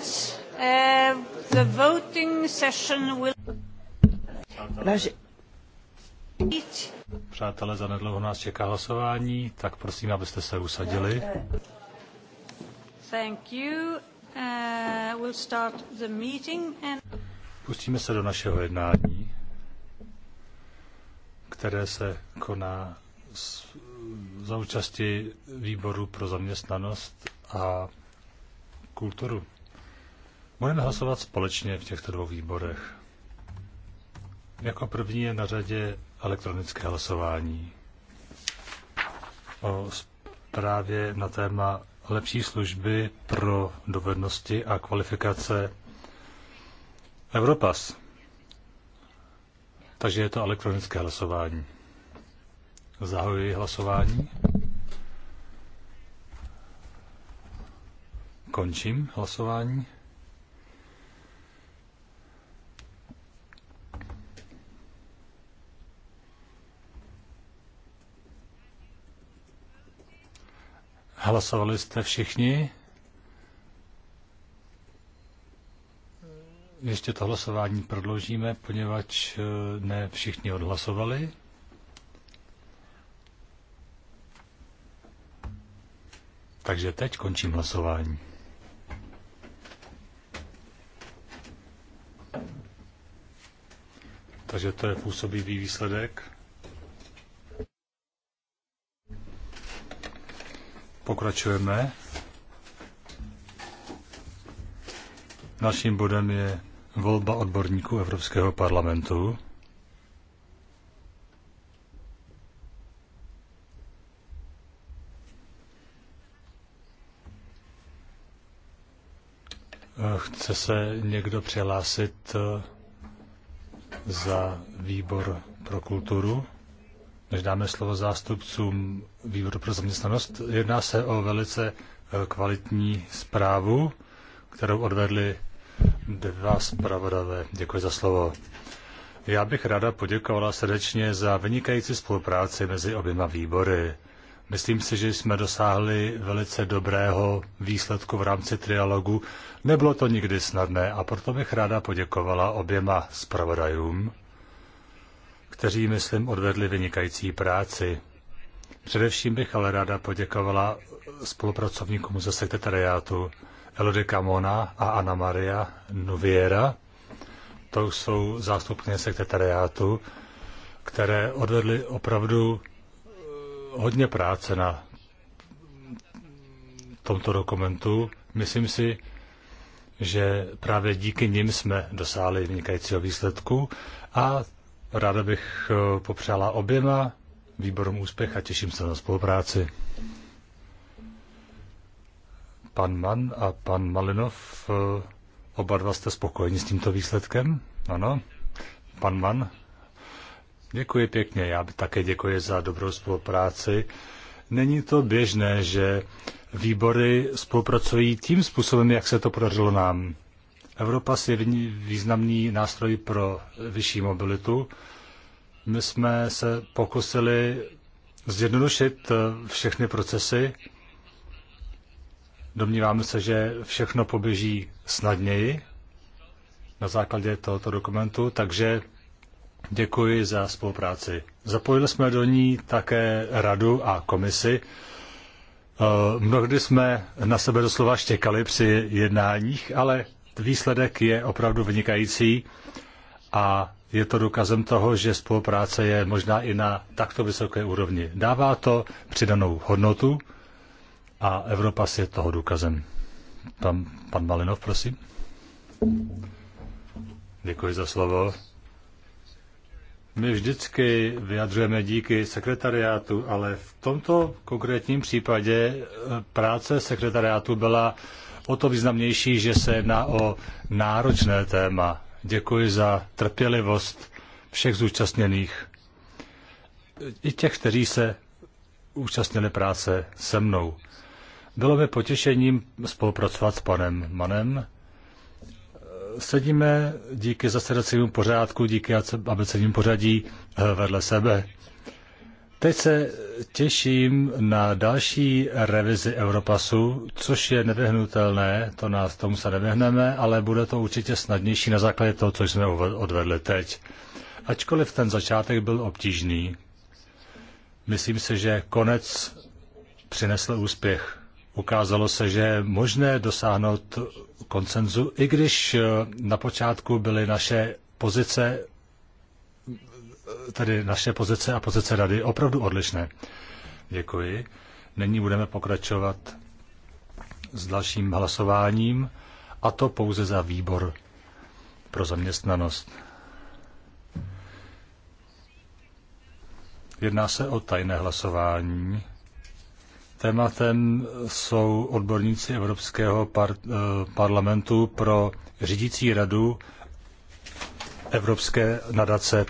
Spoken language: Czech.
friends, uh, the Přátelé, zanedlouho nás čeká hlasování, tak prosím, abyste se usadili. Uh, Pustíme se do našeho jednání, které se koná s, za účasti výboru pro zaměstnanost a kulturu. Budeme hlasovat společně v těchto dvou výborech. Jako první je na řadě elektronické hlasování o zprávě na téma lepší služby pro dovednosti a kvalifikace Evropas. Takže je to elektronické hlasování. Zahajuji hlasování. Končím hlasování. Hlasovali jste všichni? Ještě to hlasování prodloužíme, poněvadž eh, ne všichni odhlasovali. Takže teď končím hlasování. Takže to je působivý výsledek. Pokračujeme. Naším bodem je volba odborníků Evropského parlamentu. Chce se někdo přihlásit eh, za výbor pro kulturu? Než dáme slovo zástupcům výboru pro zaměstnanost, jedná se o velice eh, kvalitní zprávu, kterou odvedli dva zpravodavé. Děkuji za slovo. Já bych ráda poděkovala srdečně za vynikající spolupráci mezi oběma výbory. Myslím si, že jsme dosáhli velice dobrého výsledku v rámci trialogu. Nebylo to nikdy snadné a proto bych ráda poděkovala oběma zpravodajům kteří, myslím, odvedli vynikající práci. Především bych ale ráda poděkovala spolupracovníkům ze sekretariátu Elodie Camona a Anna Maria Nuviera. To jsou zástupkyně sekretariátu, které odvedly opravdu eh, hodně práce na tomto dokumentu. Myslím si, že právě díky nim jsme dosáhli vynikajícího výsledku a Ráda bych eh, popřála oběma výborům úspěch a těším se na spolupráci. Pan Mann a pan Malinov, eh, oba dva jste spokojeni s tímto výsledkem? Ano. Pan Mann? Děkuji pěkně, já také děkuji za dobrou spolupráci. Není to běžné, že výbory spolupracují tím způsobem, jak se to podařilo nám. Evropa je významný nástroj pro vyšší mobilitu. My jsme se pokusili zjednodušit eh, všechny procesy. Domníváme se, že všechno poběží snadněji na základě tohoto dokumentu, takže děkuji za spolupráci. Zapojili jsme do ní také radu a komisi. Eh, mnohdy jsme na sebe doslova štěkali při jednáních, ale výsledek je opravdu vynikající a je to důkazem toho, že spolupráce je možná i na takto vysoké úrovni. Dává to přidanou hodnotu a Evropa si je toho důkazem. Pan, pan Malinov, prosím. Děkuji za slovo. My vždycky vyjadřujeme díky sekretariátu, ale v tomto konkrétním případě eh, práce sekretariátu byla o to významnější, že se jedná o náročné téma. Děkuji za trpělivost všech zúčastněných, i těch, kteří se účastnili práce se mnou. Bylo mi potěšením spolupracovat s panem Manem. Sedíme díky zasedacímu pořádku, díky abecednímu pořadí eh, vedle sebe. Teď se těším na další revizi Europasu, což je nevyhnutelné, to nás tomu se nevyhneme, ale bude to určitě snadnější na základě toho, co jsme odvedli teď. Ačkoliv ten začátek byl obtížný, myslím si, že konec přinesl úspěch. Ukázalo se, že je možné dosáhnout koncenzu, i když eh, na počátku byly naše pozice tedy naše pozice a pozice rady opravdu odlišné. Děkuji. Nyní budeme pokračovat s dalším hlasováním, a to pouze za výbor pro zaměstnanost. Jedná se o tajné hlasování. Tématem jsou odborníci Evropského par- eh, parlamentu pro řídící radu Evropské nadace